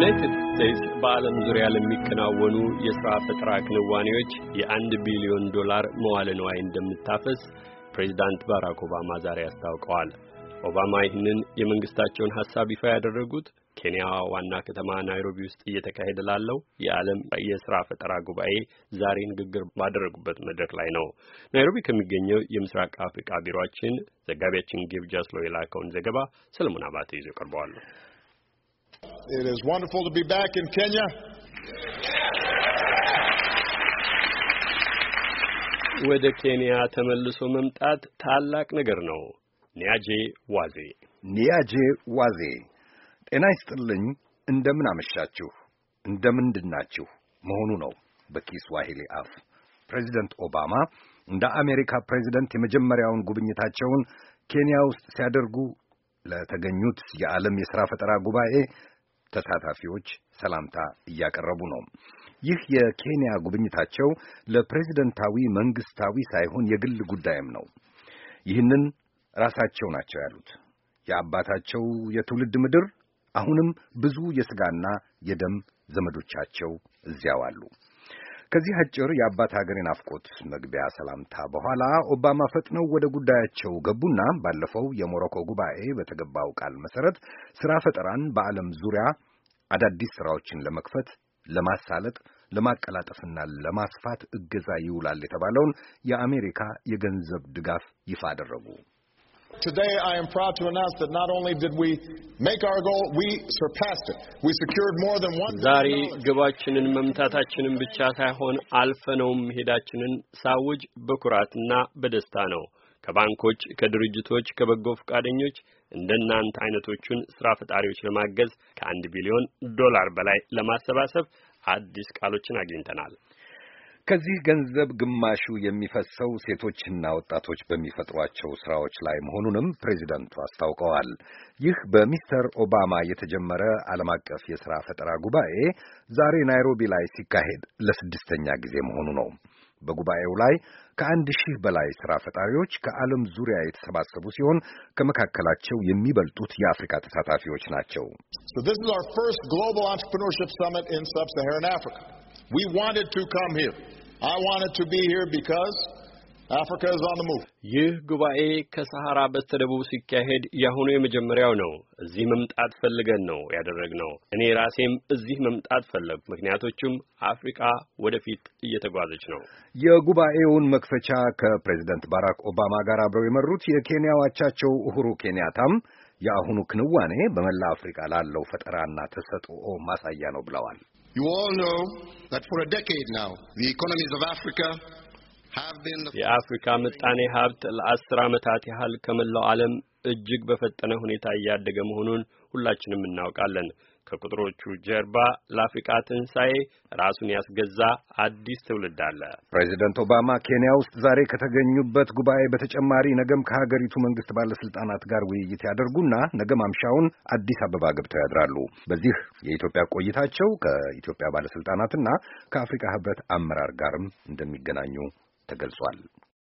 ዩናይትድ ስቴትስ በዓለም ዙሪያ ለሚከናወኑ የሥራ ፈጠራ ክንዋኔዎች የአንድ ቢሊዮን ዶላር መዋለ ንዋይ እንደምታፈስ ፕሬዚዳንት ባራክ ኦባማ ዛሬ አስታውቀዋል። ኦባማ ይህንን የመንግስታቸውን ሐሳብ ይፋ ያደረጉት ኬንያ ዋና ከተማ ናይሮቢ ውስጥ እየተካሄደ ላለው የዓለም የሥራ ፈጠራ ጉባኤ ዛሬ ንግግር ባደረጉበት መድረክ ላይ ነው። ናይሮቢ ከሚገኘው የምስራቅ አፍሪካ ቢሮችን ዘጋቢያችን ጌብጃ ስሎ የላከውን ዘገባ ሰለሞን አባተ ይዞ ቀርበዋል። it is wonderful to be back in Kenya. ወደ ኬንያ ተመልሶ መምጣት ታላቅ ነገር ነው። ኒያጄ ዋዜ ኒያጄ ዋዜ ጤና ይስጥልኝ። እንደምን አመሻችሁ፣ እንደምንድናችሁ መሆኑ ነው በኪስዋሂሊ አፍ። ፕሬዚደንት ኦባማ እንደ አሜሪካ ፕሬዚደንት የመጀመሪያውን ጉብኝታቸውን ኬንያ ውስጥ ሲያደርጉ ለተገኙት የዓለም የሥራ ፈጠራ ጉባኤ ተሳታፊዎች ሰላምታ እያቀረቡ ነው። ይህ የኬንያ ጉብኝታቸው ለፕሬዚደንታዊ መንግስታዊ ሳይሆን የግል ጉዳይም ነው። ይህንን ራሳቸው ናቸው ያሉት። የአባታቸው የትውልድ ምድር አሁንም ብዙ የሥጋና የደም ዘመዶቻቸው እዚያው አሉ። ከዚህ አጭር የአባት ሀገር የናፍቆት መግቢያ ሰላምታ በኋላ ኦባማ ፈጥነው ወደ ጉዳያቸው ገቡና ባለፈው የሞሮኮ ጉባኤ በተገባው ቃል መሰረት ስራ ፈጠራን በዓለም ዙሪያ አዳዲስ ስራዎችን ለመክፈት፣ ለማሳለጥ፣ ለማቀላጠፍና ለማስፋት እገዛ ይውላል የተባለውን የአሜሪካ የገንዘብ ድጋፍ ይፋ አደረጉ። today I am proud to announce that not only did we make our goal, we surpassed it. We secured more than one ዛሬ ግባችንን መምታታችንን ብቻ ሳይሆን አልፈነውም መሄዳችንን ሳውጅ በኩራትና በደስታ ነው። ከባንኮች፣ ከድርጅቶች፣ ከበጎ ፈቃደኞች እንደናንተ አይነቶቹን ስራ ፈጣሪዎች ለማገዝ ከአንድ ቢሊዮን ዶላር በላይ ለማሰባሰብ አዲስ ቃሎችን አግኝተናል። ከዚህ ገንዘብ ግማሹ የሚፈሰው ሴቶችና ወጣቶች በሚፈጥሯቸው ስራዎች ላይ መሆኑንም ፕሬዚደንቱ አስታውቀዋል። ይህ በሚስተር ኦባማ የተጀመረ ዓለም አቀፍ የሥራ ፈጠራ ጉባኤ ዛሬ ናይሮቢ ላይ ሲካሄድ ለስድስተኛ ጊዜ መሆኑ ነው። በጉባኤው ላይ ከአንድ ሺህ በላይ ሥራ ፈጣሪዎች ከዓለም ዙሪያ የተሰባሰቡ ሲሆን ከመካከላቸው የሚበልጡት የአፍሪካ ተሳታፊዎች ናቸው። ስ ይህ ጉባኤ ከሰሃራ በስተደቡብ ሲካሄድ ያሁኑ የመጀመሪያው ነው። እዚህ መምጣት ፈልገን ነው ያደረግነው። እኔ ራሴም እዚህ መምጣት ፈለግ፣ ምክንያቶቹም አፍሪካ ወደፊት እየተጓዘች ነው። የጉባኤውን መክፈቻ ከፕሬዝደንት ባራክ ኦባማ ጋር አብረው የመሩት የኬንያው አቻቸው ኡሁሩ ኬንያታም የአሁኑ ክንዋኔ በመላ አፍሪካ ላለው ፈጠራና ተሰጥኦ ማሳያ ነው ብለዋል። የአፍሪካ ምጣኔ ሀብት ለአስር ዓመታት ያህል ከመላው ዓለም እጅግ በፈጠነ ሁኔታ እያደገ መሆኑን ሁላችንም እናውቃለን። ከቁጥሮቹ ጀርባ ለአፍሪቃ ትንሣኤ ራሱን ያስገዛ አዲስ ትውልድ አለ። ፕሬዚደንት ኦባማ ኬንያ ውስጥ ዛሬ ከተገኙበት ጉባኤ በተጨማሪ ነገም ከሀገሪቱ መንግስት ባለስልጣናት ጋር ውይይት ያደርጉና ነገ ማምሻውን አዲስ አበባ ገብተው ያድራሉ። በዚህ የኢትዮጵያ ቆይታቸው ከኢትዮጵያ ባለስልጣናትና ከአፍሪካ ህብረት አመራር ጋርም እንደሚገናኙ ተገልጿል።